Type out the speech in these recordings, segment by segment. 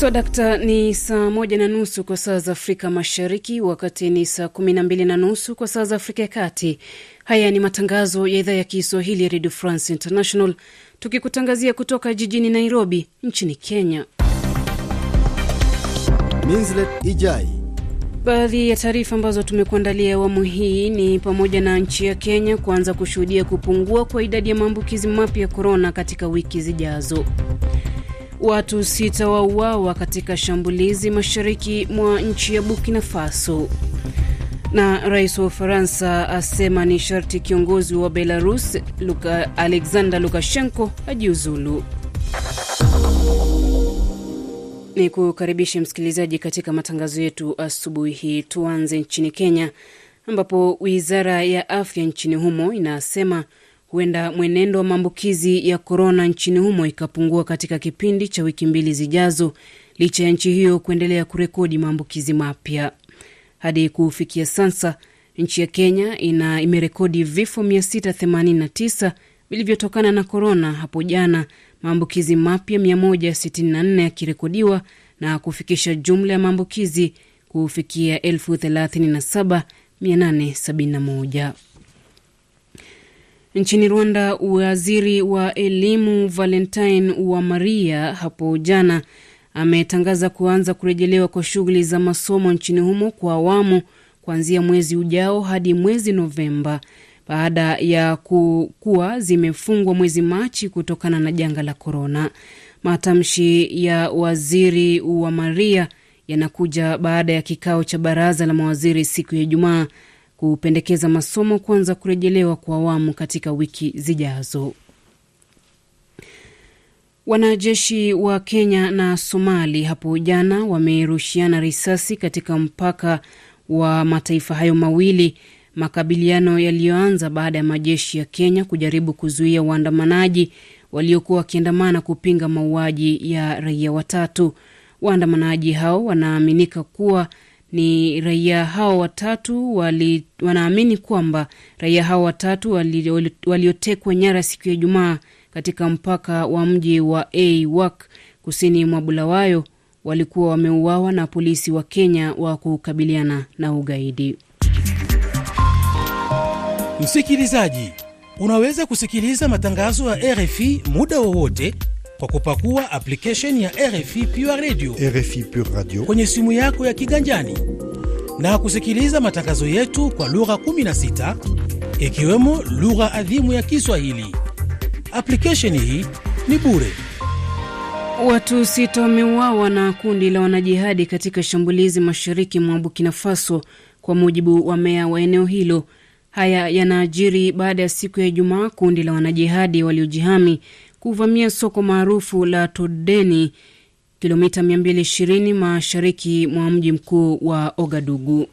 So dakta, ni saa moja na nusu kwa saa za Afrika Mashariki, wakati ni saa kumi na mbili na nusu kwa saa za Afrika ya Kati. Haya ni matangazo ya idhaa ya Kiswahili ya Redio France International, tukikutangazia kutoka jijini Nairobi nchini Kenya. Minslet Ijai. Baadhi ya taarifa ambazo tumekuandalia awamu hii ni pamoja na nchi ya Kenya kuanza kushuhudia kupungua kwa idadi ya maambukizi mapya ya korona katika wiki zijazo. Watu sita wauawa katika shambulizi mashariki mwa nchi ya Burkina Faso. Na rais wa Ufaransa asema ni sharti kiongozi wa Belarus Luka, Alexander Lukashenko ajiuzulu. Ni kukaribisha msikilizaji katika matangazo yetu asubuhi hii. Tuanze nchini Kenya ambapo wizara ya afya nchini humo inasema huenda mwenendo wa maambukizi ya korona nchini humo ikapungua katika kipindi cha wiki mbili zijazo, licha ya nchi hiyo kuendelea kurekodi maambukizi mapya. Hadi kufikia sasa, nchi ya Kenya ina imerekodi vifo 689 vilivyotokana na korona hapo jana, maambukizi mapya 164 yakirekodiwa na kufikisha jumla ya maambukizi kufikia 37871. Nchini Rwanda, waziri wa elimu Valentine maria hapo jana ametangaza kuanza kurejelewa kwa shughuli za masomo nchini humo kwa awamu kuanzia mwezi ujao hadi mwezi Novemba baada ya kuwa zimefungwa mwezi Machi kutokana na janga la korona. Matamshi ya waziri wa maria yanakuja baada ya kikao cha baraza la mawaziri siku ya Ijumaa kupendekeza masomo kuanza kurejelewa kwa awamu katika wiki zijazo. Wanajeshi wa Kenya na Somali hapo jana wamerushiana risasi katika mpaka wa mataifa hayo mawili, makabiliano yaliyoanza baada ya majeshi ya Kenya kujaribu kuzuia waandamanaji waliokuwa wakiandamana kupinga mauaji ya raia watatu. Waandamanaji hao wanaaminika kuwa ni raia hao watatu wali, wanaamini kwamba raia hao watatu waliotekwa wali nyara siku ya Ijumaa katika mpaka wa mji wa Awak kusini mwa Bulawayo walikuwa wameuawa na polisi wa Kenya wa kukabiliana na ugaidi. Msikilizaji, unaweza kusikiliza matangazo ya RFI muda wowote kwa kupakua application ya RFI Pure Radio, RFI Pure Radio kwenye simu yako ya kiganjani na kusikiliza matangazo yetu kwa lugha 16 ikiwemo lugha adhimu ya Kiswahili. Application hii ni bure. Watu sita wameuawa na kundi la wanajihadi katika shambulizi mashariki mwa Burkina Faso, kwa mujibu wa meya wa eneo hilo. Haya yanaajiri baada ya siku ya Ijumaa kundi la wanajihadi waliojihami kuvamia soko maarufu la Todeni, kilomita 220 mashariki mwa mji mkuu wa Ogadugu.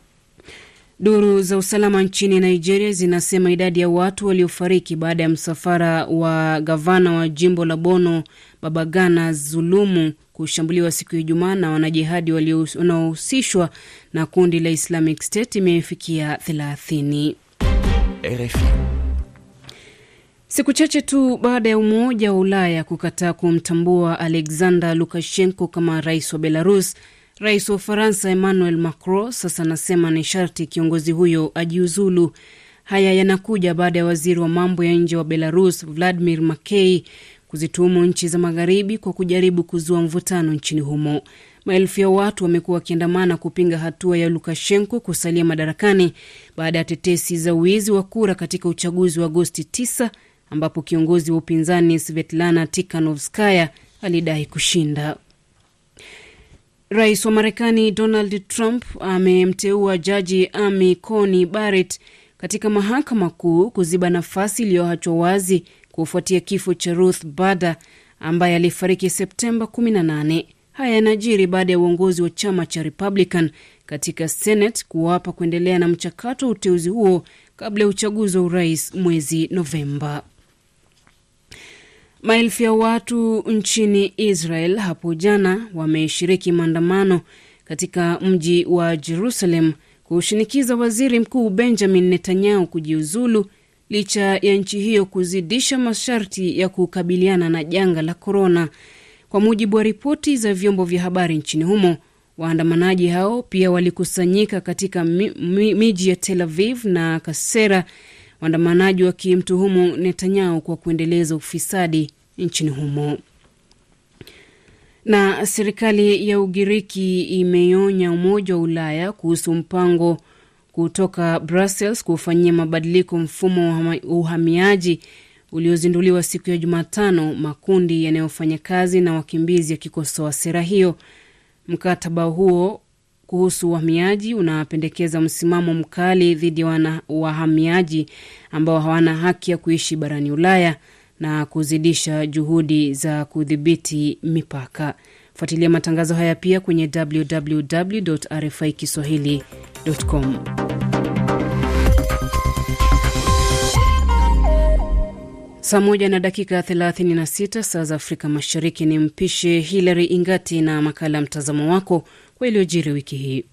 Duru za usalama nchini Nigeria zinasema idadi ya watu waliofariki baada ya msafara wa gavana wa jimbo la Bono Babagana Zulumu kushambuliwa siku ya Ijumaa na wanajihadi wanaohusishwa na kundi la Islamic State imefikia 30. Siku chache tu baada ya Umoja wa Ulaya kukataa kumtambua Alexander Lukashenko kama rais wa Belarus, rais wa Ufaransa Emmanuel Macron sasa anasema ni sharti kiongozi huyo ajiuzulu. Haya yanakuja baada ya waziri wa mambo ya nje wa Belarus Vladimir Makey kuzituhumu nchi za magharibi kwa kujaribu kuzua mvutano nchini humo. Maelfu ya watu wamekuwa wakiandamana kupinga hatua ya Lukashenko kusalia madarakani baada ya tetesi za wizi wa kura katika uchaguzi wa Agosti 9 ambapo kiongozi wa upinzani Svetlana Tikanovskaya alidai kushinda. Rais wa Marekani Donald Trump amemteua jaji Amy Coney Barrett katika mahakama kuu kuziba nafasi iliyoachwa wazi kufuatia kifo cha Ruth Bader ambaye alifariki Septemba 18. Haya yanajiri baada ya uongozi wa chama cha Republican katika Senate kuwapa kuendelea na mchakato wa uteuzi huo kabla ya uchaguzi wa urais mwezi Novemba. Maelfu ya watu nchini Israel hapo jana wameshiriki maandamano katika mji wa Jerusalem kushinikiza waziri mkuu Benjamin Netanyahu kujiuzulu licha ya nchi hiyo kuzidisha masharti ya kukabiliana na janga la korona. Kwa mujibu wa ripoti za vyombo vya habari nchini humo, waandamanaji hao pia walikusanyika katika miji ya Tel Aviv na Kasera waandamanaji wakimtuhumu Netanyahu kwa kuendeleza ufisadi nchini humo. Na serikali ya Ugiriki imeonya Umoja wa Ulaya kuhusu mpango kutoka Brussels kufanyia mabadiliko mfumo wa uhamiaji uliozinduliwa siku ya Jumatano, makundi yanayofanya kazi na wakimbizi yakikosoa sera hiyo. Mkataba huo kuhusu uhamiaji unapendekeza msimamo mkali dhidi ya wahamiaji ambao hawana haki ya kuishi barani Ulaya na kuzidisha juhudi za kudhibiti mipaka. Fuatilia matangazo haya pia kwenye www RFI kiswahili.com. Saa moja na dakika 36 saa za Afrika Mashariki. Ni mpishe Hilary Ingati na makala mtazamo wako kwa iliyojiri wiki hii.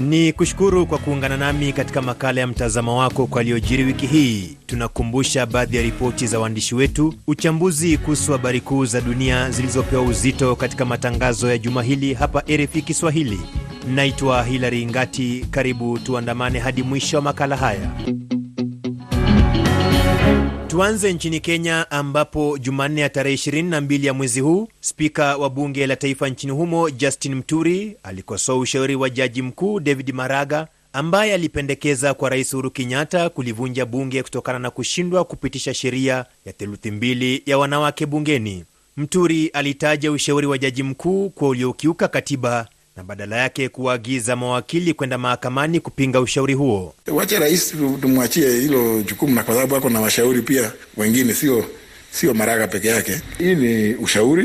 Ni kushukuru kwa kuungana nami katika makala ya mtazamo wako kwa aliyojiri wiki hii. Tunakumbusha baadhi ya ripoti za waandishi wetu, uchambuzi kuhusu habari kuu za dunia zilizopewa uzito katika matangazo ya juma hili hapa RFI Kiswahili. Naitwa Hilary Ngati, karibu tuandamane hadi mwisho wa makala haya. Tuanze nchini Kenya ambapo Jumanne ya tarehe 22 ya mwezi huu spika wa bunge la taifa nchini humo Justin Mturi alikosoa ushauri wa jaji mkuu David Maraga ambaye alipendekeza kwa Rais Uhuru Kenyatta kulivunja bunge kutokana na kushindwa kupitisha sheria ya theluthi mbili ya wanawake bungeni. Mturi alitaja ushauri wa jaji mkuu kuwa uliokiuka katiba na badala yake kuwaagiza mawakili kwenda mahakamani kupinga ushauri huo. Wache rais tumwachie hilo jukumu, na kwa sababu ako na washauri pia wengine, sio sio Maraga peke yake. Hii ni ushauri,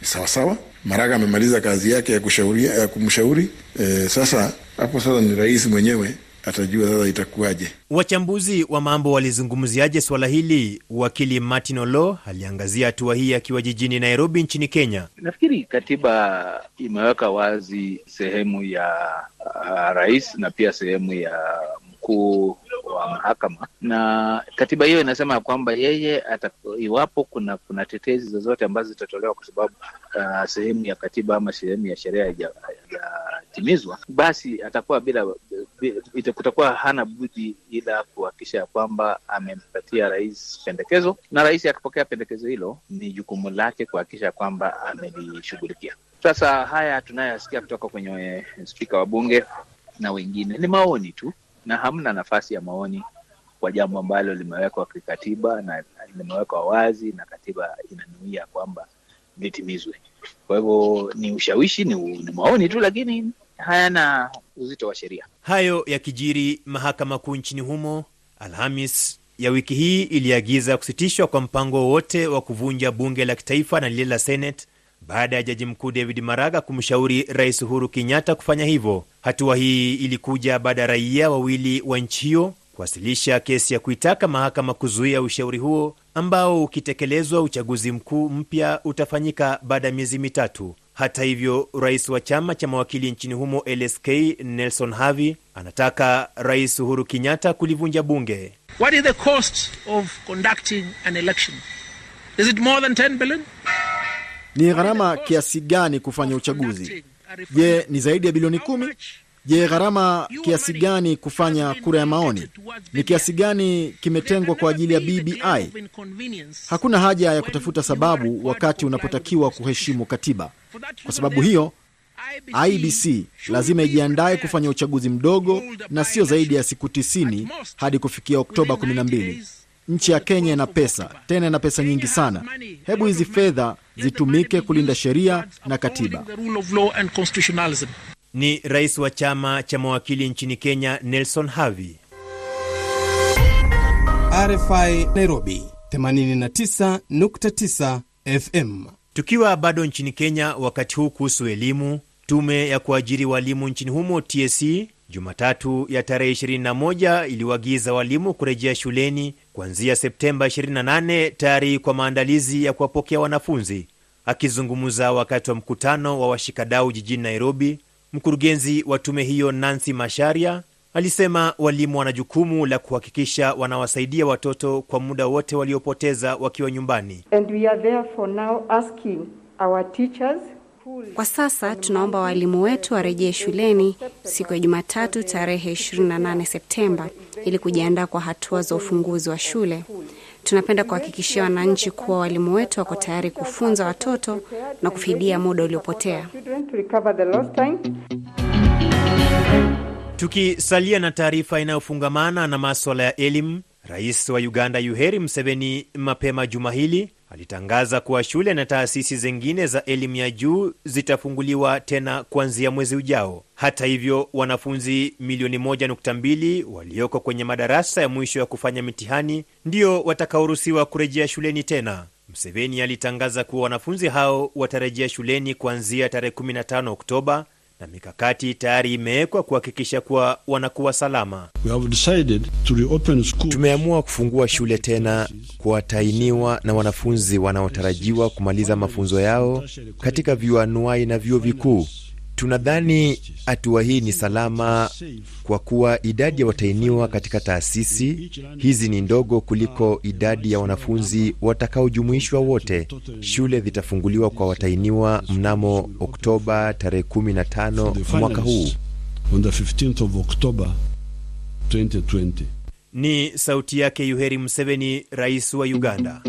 ni sawasawa. Maraga amemaliza kazi yake ya, ya kumshauri. E, sasa hapo sasa ni rais mwenyewe atajua sasa itakuwaje. Wachambuzi wa mambo walizungumziaje swala hili? Wakili Martin Olo aliangazia hatua hii akiwa jijini Nairobi nchini Kenya. Nafikiri katiba imeweka wazi sehemu ya uh, rais na pia sehemu ya mkuu wa mahakama na katiba hiyo inasema kwamba yeye ata, iwapo kuna kuna tetezi zozote ambazo zitatolewa kwa sababu uh, sehemu ya katiba ama sehemu ya sheria haijatimizwa, basi atakuwa bila kutakuwa hana budi ila kuhakikisha kwamba amempatia rais pendekezo, na rais akipokea pendekezo hilo, ni jukumu lake kuhakikisha kwamba amelishughulikia. Sasa haya tunayoyasikia kutoka kwenye eh, spika wa bunge na wengine ni maoni tu, na hamna nafasi ya maoni kwa jambo ambalo limewekwa kikatiba na limewekwa wazi na katiba inanuia kwamba litimizwe. Kwa hivyo ni ushawishi, ni, ni maoni tu, lakini hayana uzito wa sheria. Hayo yakijiri, mahakama kuu nchini humo Alhamis ya wiki hii iliagiza kusitishwa kwa mpango wowote wa kuvunja bunge la kitaifa na lile la Senate baada ya jaji mkuu David Maraga kumshauri rais Uhuru Kenyatta kufanya hivyo. Hatua hii ilikuja baada ya raia wawili wa nchi hiyo kuwasilisha kesi ya kuitaka mahakama kuzuia ushauri huo ambao ukitekelezwa uchaguzi mkuu mpya utafanyika baada ya miezi mitatu. Hata hivyo, rais wa chama cha mawakili nchini humo LSK Nelson Havi anataka Rais Uhuru Kenyatta kulivunja bunge. What is the cost of conducting an election? Is it more than 10 billion? Ni gharama kiasi gani kufanya uchaguzi? Je, ni zaidi ya bilioni kumi? Je, gharama kiasi gani kufanya kura ya maoni? Ni kiasi gani kimetengwa kwa ajili ya BBI? Hakuna haja ya kutafuta sababu wakati unapotakiwa kuheshimu katiba. Kwa sababu hiyo, IBC lazima ijiandae kufanya uchaguzi mdogo na sio zaidi ya siku 90 hadi kufikia Oktoba 12. Nchi ya Kenya ina pesa, tena ina pesa nyingi sana. Hebu hizi fedha zitumike kulinda sheria na katiba ni rais wa chama cha mawakili nchini Kenya, Nelson Havi. RFI Nairobi 89.9 FM. Tukiwa bado nchini Kenya, wakati huu kuhusu elimu, tume ya kuajiri walimu nchini humo TSC e, Jumatatu ya tarehe 21 iliwagiza walimu kurejea shuleni kuanzia Septemba 28 tayari kwa maandalizi ya kuwapokea wanafunzi. Akizungumza wakati wa mkutano wa washikadau jijini Nairobi, Mkurugenzi wa tume hiyo Nancy Masharia alisema walimu wana jukumu la kuhakikisha wanawasaidia watoto kwa muda wote waliopoteza wakiwa nyumbani. And we are therefore now asking our teachers kwa sasa tunaomba waalimu wetu warejee shuleni siku ya Jumatatu tarehe 28 Septemba ili kujiandaa kwa hatua za ufunguzi wa shule. Tunapenda kuhakikishia wananchi kuwa walimu wetu wako tayari kufunza watoto na kufidia muda uliopotea. Tukisalia na taarifa inayofungamana na maswala ya elimu, rais wa Uganda Yoweri Museveni mapema juma hili alitangaza kuwa shule na taasisi zingine za elimu ya juu zitafunguliwa tena kuanzia mwezi ujao. Hata hivyo, wanafunzi milioni 1.2 walioko kwenye madarasa ya mwisho ya kufanya mitihani ndio watakaoruhusiwa kurejea shuleni tena. Mseveni alitangaza kuwa wanafunzi hao watarejea shuleni kuanzia tarehe 15 Oktoba na mikakati tayari imewekwa kuhakikisha kuwa wanakuwa salama. Tumeamua kufungua shule tena kwa watahiniwa na wanafunzi wanaotarajiwa kumaliza mafunzo yao katika vyuo na vyuo vikuu. Tunadhani hatua hii ni salama kwa kuwa idadi ya watainiwa katika taasisi hizi ni ndogo kuliko idadi ya wanafunzi watakaojumuishwa wote. Shule zitafunguliwa kwa watainiwa mnamo Oktoba tarehe 15 mwaka huu. Ni sauti yake Yoweri Museveni, rais wa Uganda.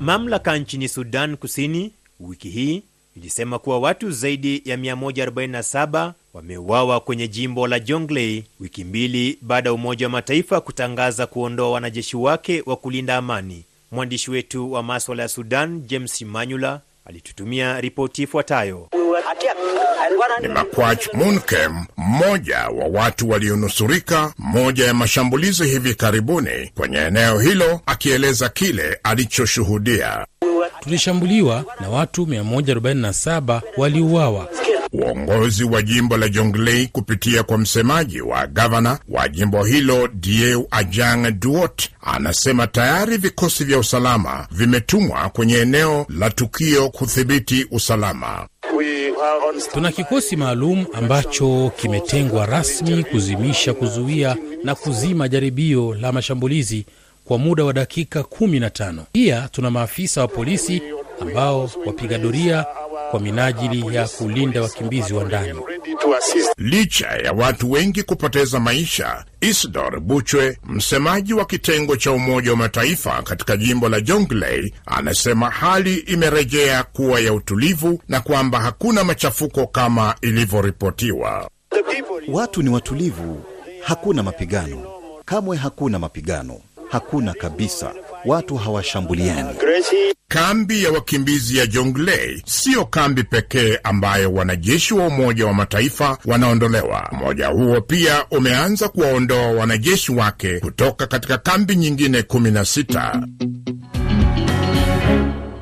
Mamlaka nchini Sudan Kusini wiki hii ilisema kuwa watu zaidi ya 147 wameuawa kwenye jimbo la Jonglei wiki mbili baada ya Umoja wa Mataifa kutangaza kuondoa wanajeshi wake wa kulinda amani. Mwandishi wetu wa maswala ya Sudan James Manyula alitutumia ripoti ifuatayo. Ni Makwach Munkem, mmoja wa watu walionusurika moja ya mashambulizi hivi karibuni kwenye eneo hilo, akieleza kile alichoshuhudia tulishambuliwa na watu 147 waliuawa. Uongozi wa jimbo la Jonglei kupitia kwa msemaji wa gavana wa jimbo hilo Dieu Ajang Duot anasema tayari vikosi vya usalama vimetumwa kwenye eneo la tukio kudhibiti usalama. Tuna kikosi maalum ambacho kimetengwa rasmi kuzimisha, kuzuia na kuzima jaribio la mashambulizi kwa muda wa dakika 15. Pia tuna maafisa wa polisi ambao wapiga doria kwa minajili ya kulinda wakimbizi wa ndani. Licha ya watu wengi kupoteza maisha, Isidor Buchwe, msemaji wa kitengo cha Umoja wa Mataifa katika jimbo la Jonglei, anasema hali imerejea kuwa ya utulivu na kwamba hakuna machafuko kama ilivyoripotiwa. Watu ni watulivu, hakuna mapigano, kamwe hakuna mapigano hakuna kabisa, watu hawashambuliani. Kambi ya wakimbizi ya Jonglei siyo kambi pekee ambayo wanajeshi wa Umoja wa Mataifa wanaondolewa. Umoja huo pia umeanza kuwaondoa wanajeshi wake kutoka katika kambi nyingine 16.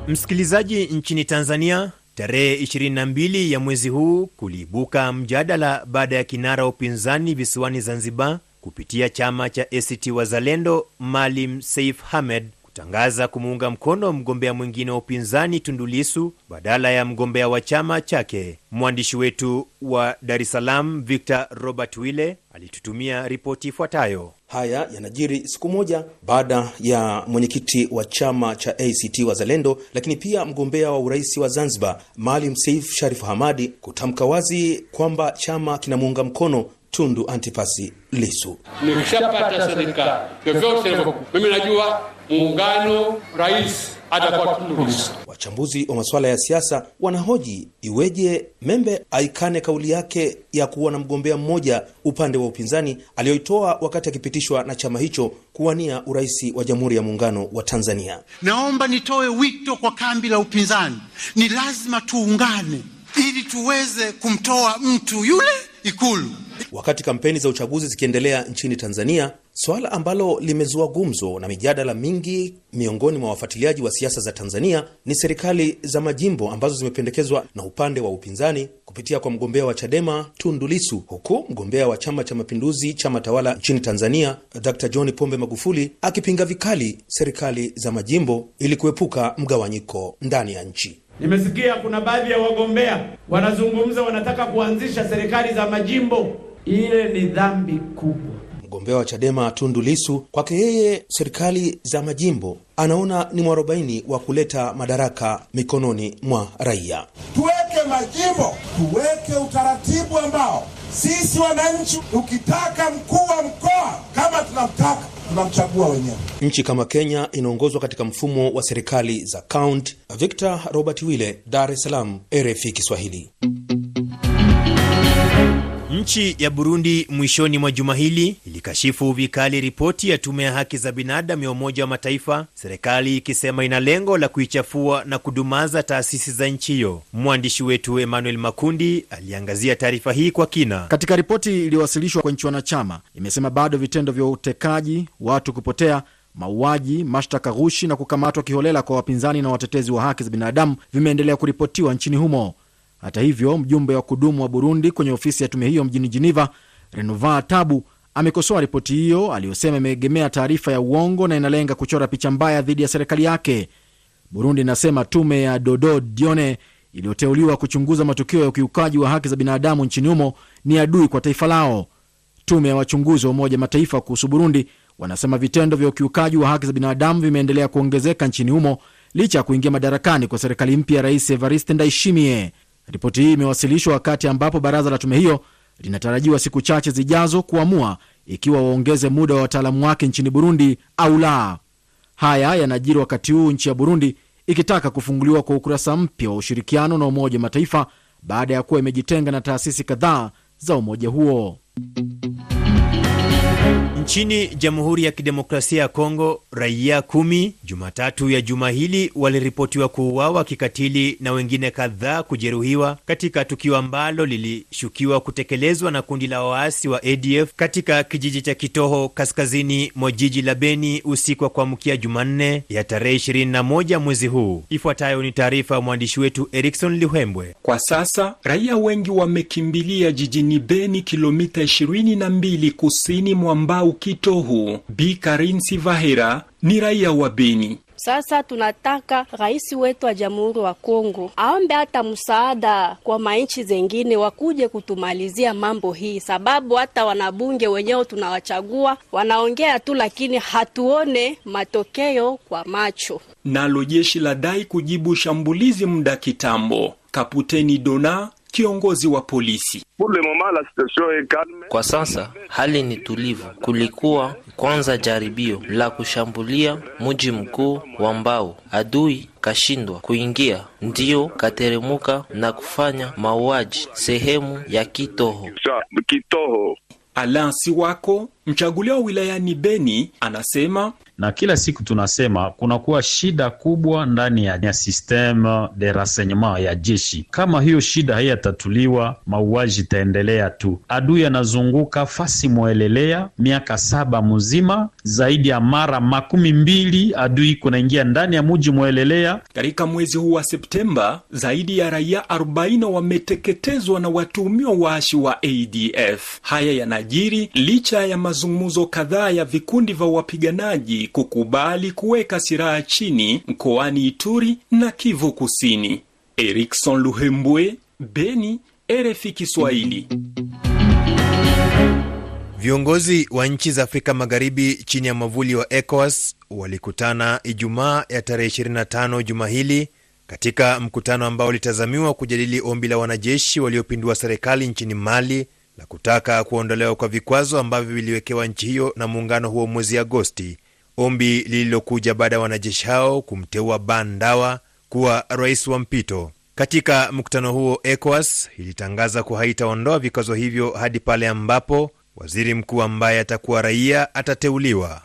Msikilizaji, nchini Tanzania Tarehe 22 ya mwezi huu kuliibuka mjadala baada ya kinara wa upinzani visiwani Zanzibar kupitia chama cha ACT Wazalendo Maalim Saif Hamed kutangaza kumuunga mkono mgombea mwingine wa upinzani tundulisu badala ya mgombea wa chama chake. Mwandishi wetu wa Dar es Salaam Victor Robert Wille alitutumia ripoti ifuatayo. Haya yanajiri siku moja baada ya mwenyekiti wa chama cha ACT Wazalendo, lakini pia mgombea wa urais wa Zanzibar Maalim Seif Sharif Hamadi kutamka wazi kwamba chama kinamuunga mkono Tundu Antipasi Lisu. Nikishapata serikali vyovyote mimi najua muungano, rais atakuwa Tundu Lisu. Wachambuzi wa masuala ya siasa wanahoji iweje Membe aikane kauli yake ya kuwa na mgombea mmoja upande wa upinzani aliyoitoa wakati akipitishwa na chama hicho kuwania urais wa Jamhuri ya Muungano wa Tanzania. Naomba nitoe wito kwa kambi la upinzani, ni lazima tuungane ili tuweze kumtoa mtu yule Ikulu. Wakati kampeni za uchaguzi zikiendelea nchini Tanzania, swala ambalo limezua gumzo na mijadala mingi miongoni mwa wafuatiliaji wa siasa za Tanzania ni serikali za majimbo ambazo zimependekezwa na upande wa upinzani kupitia kwa mgombea wa Chadema Tundu Lissu, huku mgombea wa Chama cha Mapinduzi, chama tawala nchini Tanzania, Dr. John Pombe Magufuli akipinga vikali serikali za majimbo ili kuepuka mgawanyiko ndani ya nchi. Nimesikia kuna baadhi ya wagombea wanazungumza, wanataka kuanzisha serikali za majimbo. Ile ni dhambi kubwa. Mgombea wa Chadema Tundu Lisu, kwake yeye serikali za majimbo anaona ni mwarobaini wa kuleta madaraka mikononi mwa raia. Tuweke majimbo, tuweke utaratibu ambao sisi wananchi, ukitaka mkuu wa mkoa kama tunamtaka, tunamchagua wenyewe. Nchi kama Kenya inaongozwa katika mfumo wa serikali za kaunti. Victor Robert wille Dar es Salaam, RFI Kiswahili. Nchi ya Burundi mwishoni mwa juma hili ilikashifu vikali ripoti ya tume ya haki za binadamu ya Umoja wa Mataifa, serikali ikisema ina lengo la kuichafua na kudumaza taasisi za nchi hiyo. Mwandishi wetu Emmanuel Makundi aliangazia taarifa hii kwa kina. Katika ripoti iliyowasilishwa kwa nchi wanachama, imesema bado vitendo vya utekaji, watu kupotea mauaji, mashtaka ghushi na kukamatwa kiholela kwa wapinzani na watetezi wa haki za binadamu vimeendelea kuripotiwa nchini humo. Hata hivyo, mjumbe wa kudumu wa Burundi kwenye ofisi ya tume hiyo mjini jiniva Renova Tabu, amekosoa ripoti hiyo aliyosema imeegemea taarifa ya uongo na inalenga kuchora picha mbaya dhidi ya serikali yake. Burundi inasema tume ya Dodo Dione iliyoteuliwa kuchunguza matukio ya ukiukaji wa haki za binadamu nchini humo ni adui kwa taifa lao. Tume ya wachunguzi wa Umoja Mataifa kuhusu Burundi wanasema vitendo vya ukiukaji wa haki za binadamu vimeendelea kuongezeka nchini humo licha ya kuingia madarakani kwa serikali mpya ya Rais Evariste Ndayishimiye. Ripoti hii imewasilishwa wakati ambapo baraza la tume hiyo linatarajiwa siku chache zijazo kuamua ikiwa waongeze muda wa wataalamu wake nchini Burundi au la. Haya yanajiri wakati huu nchi ya Burundi ikitaka kufunguliwa kwa ukurasa mpya wa ushirikiano na Umoja wa Mataifa baada ya kuwa imejitenga na taasisi kadhaa za umoja huo. Nchini Jamhuri ya Kidemokrasia ya Kongo, raia kumi Jumatatu ya juma hili waliripotiwa kuuawa kikatili na wengine kadhaa kujeruhiwa katika tukio ambalo lilishukiwa kutekelezwa na kundi la waasi wa ADF katika kijiji cha Kitoho kaskazini mwa jiji la Beni usiku wa kuamkia Jumanne ya tarehe 21 mwezi huu. Ifuatayo ni taarifa ya mwandishi wetu Erikson Lihembwe. Kwa sasa raia wengi wamekimbilia jijini Beni, kilomita 22 kusini mwa Mbau Kitohu. Bi Karinsi Vahera ni raia wa Beni. Sasa tunataka rais wetu wa Jamhuri wa Kongo aombe hata msaada kwa manchi zengine wakuje kutumalizia mambo hii, sababu hata wanabunge wenyewe tunawachagua wanaongea tu, lakini hatuone matokeo kwa macho. Nalo jeshi la dai kujibu shambulizi muda kitambo. Kaputeni Dona kiongozi wa polisi. Kwa sasa hali ni tulivu. Kulikuwa kwanza jaribio la kushambulia mji mkuu wa mbao, adui kashindwa kuingia, ndio kateremuka na kufanya mauaji sehemu ya Kitoho. Alain Siwako, Mchaguliwa wilayani Beni anasema na kila siku tunasema kunakuwa shida kubwa ndani ya, ya systeme de renseignement ya jeshi. Kama hiyo shida haiyatatuliwa, mauaji itaendelea tu. Adui anazunguka fasi mwelelea miaka saba mzima, zaidi ya mara makumi mbili adui kunaingia ndani ya muji mwelelea. Katika mwezi huu wa Septemba, zaidi ya raia 40 wameteketezwa na watuhumiwa waashi wa ADF. Haya yanajiri licha ya mazungumzo kadhaa ya vikundi vya wapiganaji kukubali kuweka silaha chini mkoani Ituri na Kivu Kusini. Erikson Luhembwe, Beni, RFI Kiswahili. Viongozi wa nchi za Afrika Magharibi chini ya mwavuli wa ECOWAS walikutana Ijumaa ya tarehe 25 juma hili katika mkutano ambao ulitazamiwa kujadili ombi la wanajeshi waliopindua serikali nchini Mali la kutaka kuondolewa kwa vikwazo ambavyo viliwekewa nchi hiyo na muungano huo mwezi Agosti, ombi lililokuja baada ya wanajeshi hao kumteua Ban Dawa kuwa rais wa mpito. Katika mkutano huo, ECOWAS ilitangaza kuwa haitaondoa vikwazo hivyo hadi pale ambapo waziri mkuu ambaye atakuwa raia atateuliwa.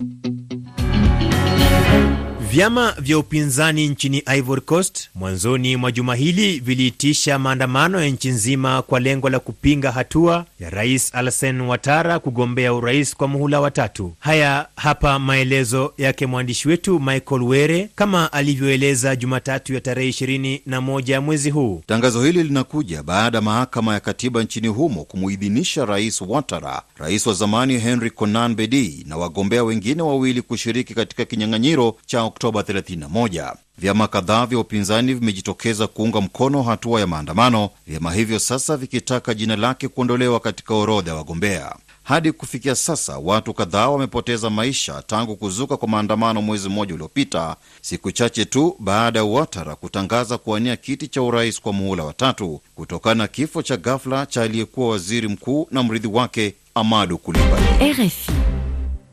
Vyama vya upinzani nchini Ivory Coast mwanzoni mwa juma hili viliitisha maandamano ya nchi nzima kwa lengo la kupinga hatua ya Rais Alassane Ouattara kugombea urais kwa muhula wa tatu. Haya hapa maelezo yake mwandishi wetu Michael Were kama alivyoeleza Jumatatu ya tarehe 21 ya mwezi huu. Tangazo hili linakuja baada ya mahakama ya katiba nchini humo kumuidhinisha Rais Ouattara, rais wa zamani Henry Konan Bedi na wagombea wengine wawili kushiriki katika kinyang'anyiro cha Oktoba 31. Vyama kadhaa vya upinzani vimejitokeza kuunga mkono hatua ya maandamano, vyama hivyo sasa vikitaka jina lake kuondolewa katika orodha ya wagombea. Hadi kufikia sasa watu kadhaa wamepoteza maisha tangu kuzuka kwa maandamano mwezi mmoja uliopita, siku chache tu baada ya Watara kutangaza kuwania kiti cha urais kwa muhula wa tatu kutokana na kifo cha ghafla cha aliyekuwa waziri mkuu na mrithi wake amadu Kulibali. RFI.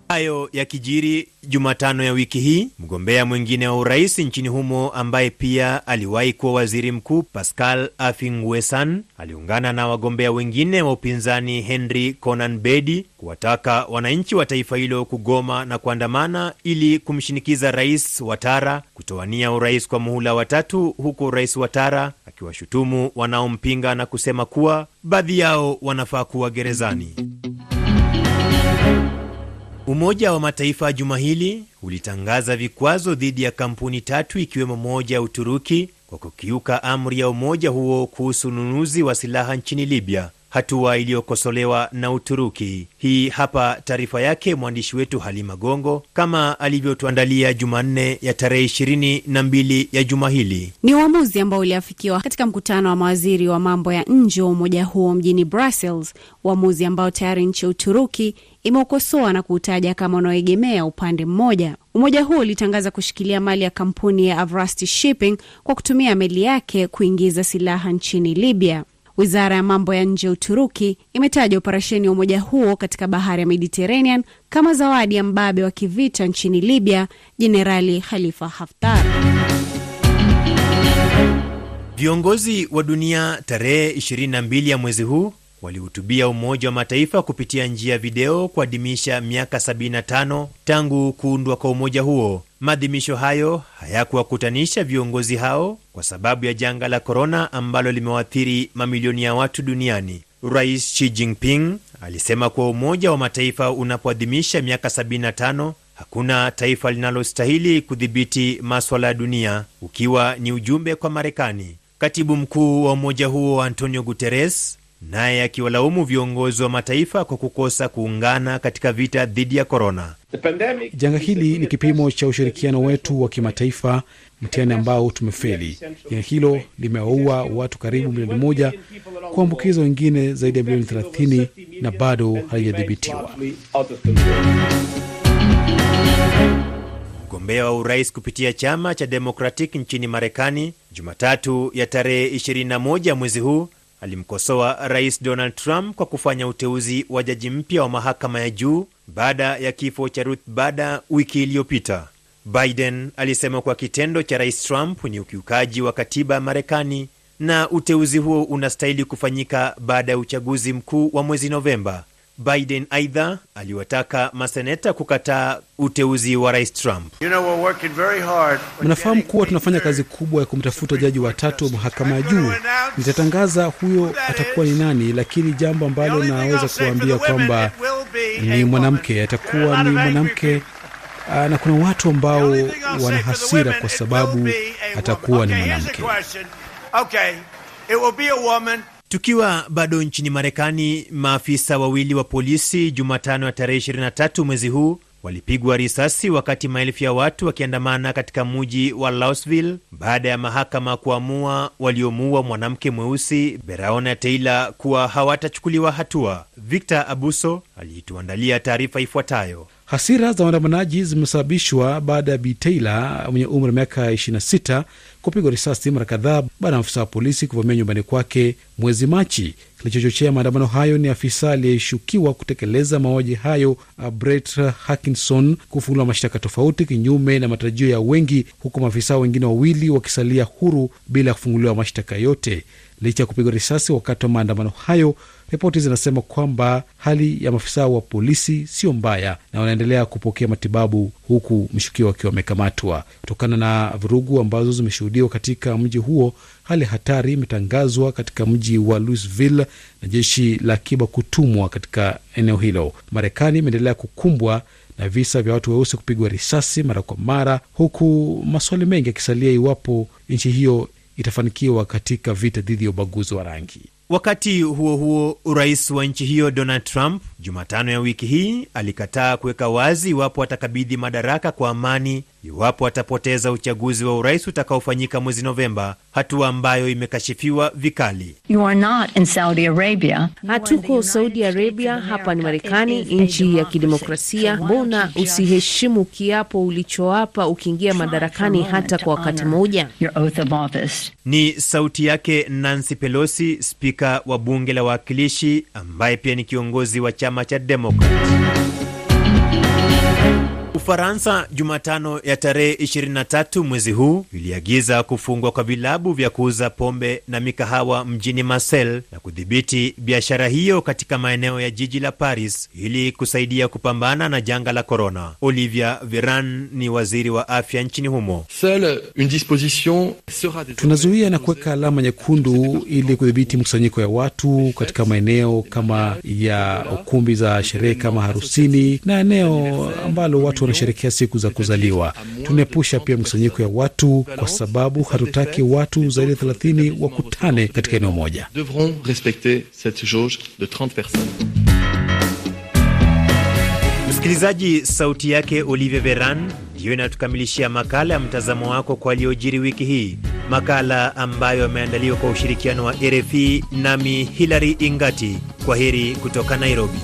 Hayo yakijiri Jumatano ya wiki hii, mgombea mwingine wa urais nchini humo ambaye pia aliwahi kuwa waziri mkuu Pascal Afingwesan aliungana na wagombea wengine wa upinzani Henry Konan Bedi kuwataka wananchi wa taifa hilo kugoma na kuandamana ili kumshinikiza Rais Watara kutowania urais kwa muhula watatu, huku Rais Watara akiwashutumu wanaompinga na kusema kuwa baadhi yao wanafaa kuwa gerezani. Umoja wa Mataifa juma hili ulitangaza vikwazo dhidi ya kampuni tatu ikiwemo moja ya Uturuki kwa kukiuka amri ya umoja huo kuhusu ununuzi wa silaha nchini Libya hatua iliyokosolewa na Uturuki. Hii hapa taarifa yake mwandishi wetu Halima Gongo kama alivyotuandalia Jumanne ya tarehe ishirini na mbili ya juma hili. Ni uamuzi ambao uliafikiwa katika mkutano wa mawaziri wa mambo ya nje wa umoja huo mjini Brussels, uamuzi ambao tayari nchi ya Uturuki imeukosoa na kuutaja kama unaoegemea upande mmoja. Umoja huo ulitangaza kushikilia mali ya kampuni ya Avrasti Shipping kwa kutumia meli yake kuingiza silaha nchini Libya. Wizara ya mambo ya nje ya Uturuki imetaja operesheni ya umoja huo katika bahari ya Mediterranean kama zawadi ya mbabe wa kivita nchini Libya, Jenerali Khalifa Haftar. Viongozi wa dunia tarehe 22 ya mwezi huu walihutubia Umoja wa Mataifa kupitia njia ya video kuadhimisha miaka 75 tangu kuundwa kwa umoja huo Maadhimisho hayo hayakuwakutanisha viongozi hao kwa sababu ya janga la korona ambalo limewaathiri mamilioni ya watu duniani. Rais Xi Jinping alisema kuwa Umoja wa Mataifa unapoadhimisha miaka 75 hakuna taifa linalostahili kudhibiti maswala ya dunia, ukiwa ni ujumbe kwa Marekani. Katibu mkuu wa umoja huo Antonio Guterres naye akiwalaumu viongozi wa mataifa kwa kukosa kuungana katika vita dhidi ya korona. Janga hili ni kipimo cha ushirikiano wetu wa kimataifa, mtihani ambao tumefeli. Janga hilo limewaua watu karibu milioni moja, kuambukiza wengine zaidi ya milioni 30 na bado halijadhibitiwa. Mgombea wa urais kupitia chama cha Democratic nchini Marekani Jumatatu ya tarehe 21 mwezi huu alimkosoa Rais Donald Trump kwa kufanya uteuzi wa jaji mpya wa mahakama ya juu baada ya kifo cha Ruth Bader wiki iliyopita. Biden alisema kuwa kitendo cha Rais Trump ni ukiukaji wa katiba ya Marekani na uteuzi huo unastahili kufanyika baada ya uchaguzi mkuu wa mwezi Novemba. Biden aidha aliwataka maseneta kukataa uteuzi wa rais Trump. You know, mnafahamu kuwa tunafanya kazi kubwa ya kumtafuta jaji watatu wa mahakama ya juu. Nitatangaza huyo atakuwa ni nani, lakini jambo ambalo naweza kuambia kwamba ni mwanamke, atakuwa ni mwanamke ah, na kuna watu ambao wana hasira kwa sababu atakuwa ni mwanamke. Okay, it will be a woman. Tukiwa bado nchini Marekani, maafisa wawili wa polisi Jumatano ya tarehe 23 mwezi huu walipigwa risasi wakati maelfu ya watu wakiandamana katika mji wa Louisville baada ya mahakama kuamua waliomuua mwanamke mweusi Breonna Taylor kuwa hawatachukuliwa hatua. Victor Abuso alituandalia taarifa ifuatayo. Hasira za waandamanaji zimesababishwa baada ya Bi Taylor mwenye umri wa miaka 26 kupigwa risasi mara kadhaa baada ya maafisa wa polisi kuvamia nyumbani kwake mwezi Machi. Kilichochochea maandamano hayo ni afisa aliyeshukiwa kutekeleza mauaji hayo Brett Hackinson kufunguliwa mashtaka tofauti, kinyume na matarajio ya wengi, huku maafisa wengine wawili wakisalia huru bila ya kufunguliwa mashtaka yote, licha ya kupigwa risasi wakati wa maandamano hayo. Ripoti zinasema kwamba hali ya maafisa wa polisi sio mbaya na wanaendelea kupokea matibabu, huku mshukiwa akiwa amekamatwa. Kutokana na vurugu ambazo zimeshuhudiwa katika mji huo, hali hatari imetangazwa katika mji wa Louisville na jeshi la akiba kutumwa katika eneo hilo. Marekani imeendelea kukumbwa na visa vya watu weusi kupigwa risasi mara kwa mara, huku maswali mengi yakisalia iwapo nchi hiyo itafanikiwa katika vita dhidi ya ubaguzi wa rangi. Wakati huo huo, rais wa nchi hiyo Donald Trump Jumatano ya wiki hii alikataa kuweka wazi iwapo atakabidhi madaraka kwa amani iwapo atapoteza uchaguzi wa urais utakaofanyika mwezi Novemba, hatua ambayo imekashifiwa vikali. Hatuko Saudi Arabia, hapa ni Marekani, nchi ya kidemokrasia. Mbona usiheshimu kiapo ulichoapa ukiingia madarakani hata kwa wakati mmoja? Ni sauti yake Nancy Pelosi, spika wa bunge la wawakilishi, ambaye pia ni kiongozi wa chama cha Demokrat. Ufaransa Jumatano ya tarehe 23 mwezi huu iliagiza kufungwa kwa vilabu vya kuuza pombe na mikahawa mjini Marseille na kudhibiti biashara hiyo katika maeneo ya jiji la Paris ili kusaidia kupambana na janga la korona. Olivia Viran ni waziri wa afya nchini humo. Tunazuia na kuweka alama nyekundu ili kudhibiti mkusanyiko ya watu katika maeneo kama ya ukumbi za sherehe kama harusini na eneo ambalo watu wana tunasherekea siku za kuzaliwa. Tunaepusha pia mkusanyiko ya watu, kwa sababu hatutaki watu zaidi ya 30 wakutane katika eneo moja. Msikilizaji, sauti yake Olivier Veran ndiyo inatukamilishia makala ya mtazamo wako kwa aliyojiri wiki hii, makala ambayo ameandaliwa kwa ushirikiano wa RFI nami Hilary Ingati. Kwa heri kutoka Nairobi.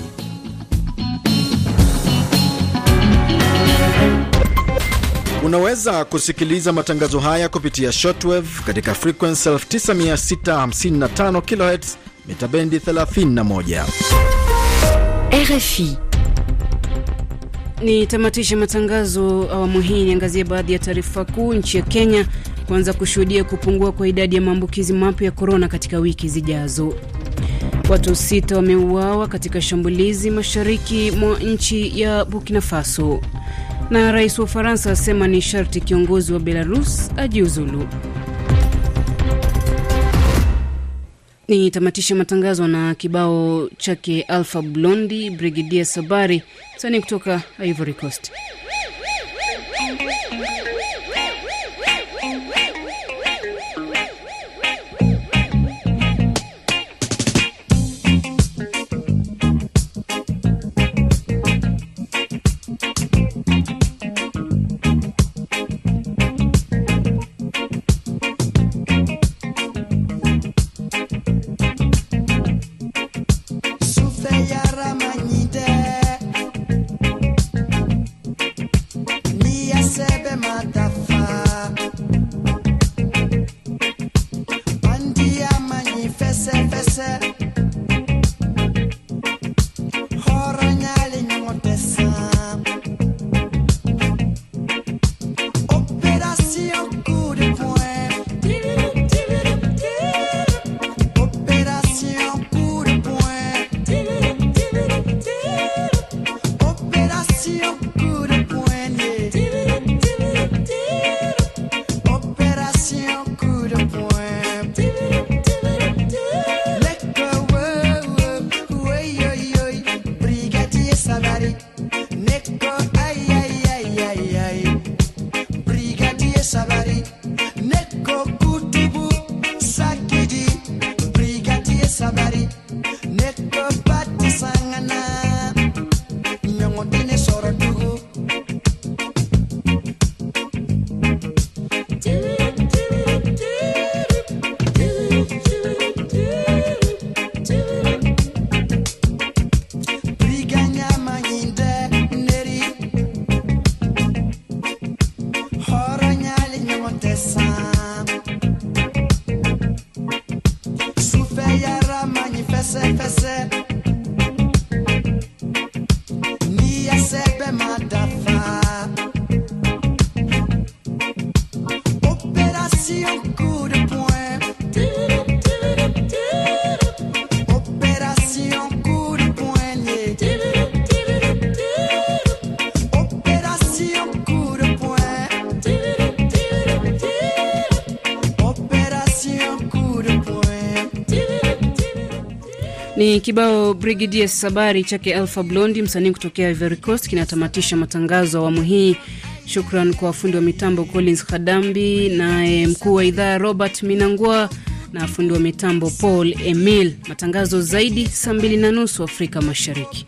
Unaweza kusikiliza matangazo haya kupitia shortwave katika frequency 9655 kHz mita bendi 31. RFI ni tamatishe matangazo awamu hii. Niangazie baadhi ya taarifa kuu. Nchi ya Kenya kuanza kushuhudia kupungua kwa idadi ya maambukizi mapya ya korona katika wiki zijazo. Watu sita wameuawa katika shambulizi mashariki mwa nchi ya Burkina Faso. Na rais wa Ufaransa asema ni sharti kiongozi wa Belarus ajiuzulu. ni tamatishe matangazo na kibao chake Alpha Blondi, Brigidia Sabari, msanii kutoka Ivory Coast. Ni kibao brigidie Sabari chake Alpha Blondi, msanii kutokea Ivory Coast, kinatamatisha matangazo awamu hii. Shukran kwa fundi wa mitambo Collins Khadambi, naye mkuu wa idhaa Robert minangua na fundi wa mitambo Paul Emil. Matangazo zaidi saa 2 na nusu Afrika Mashariki.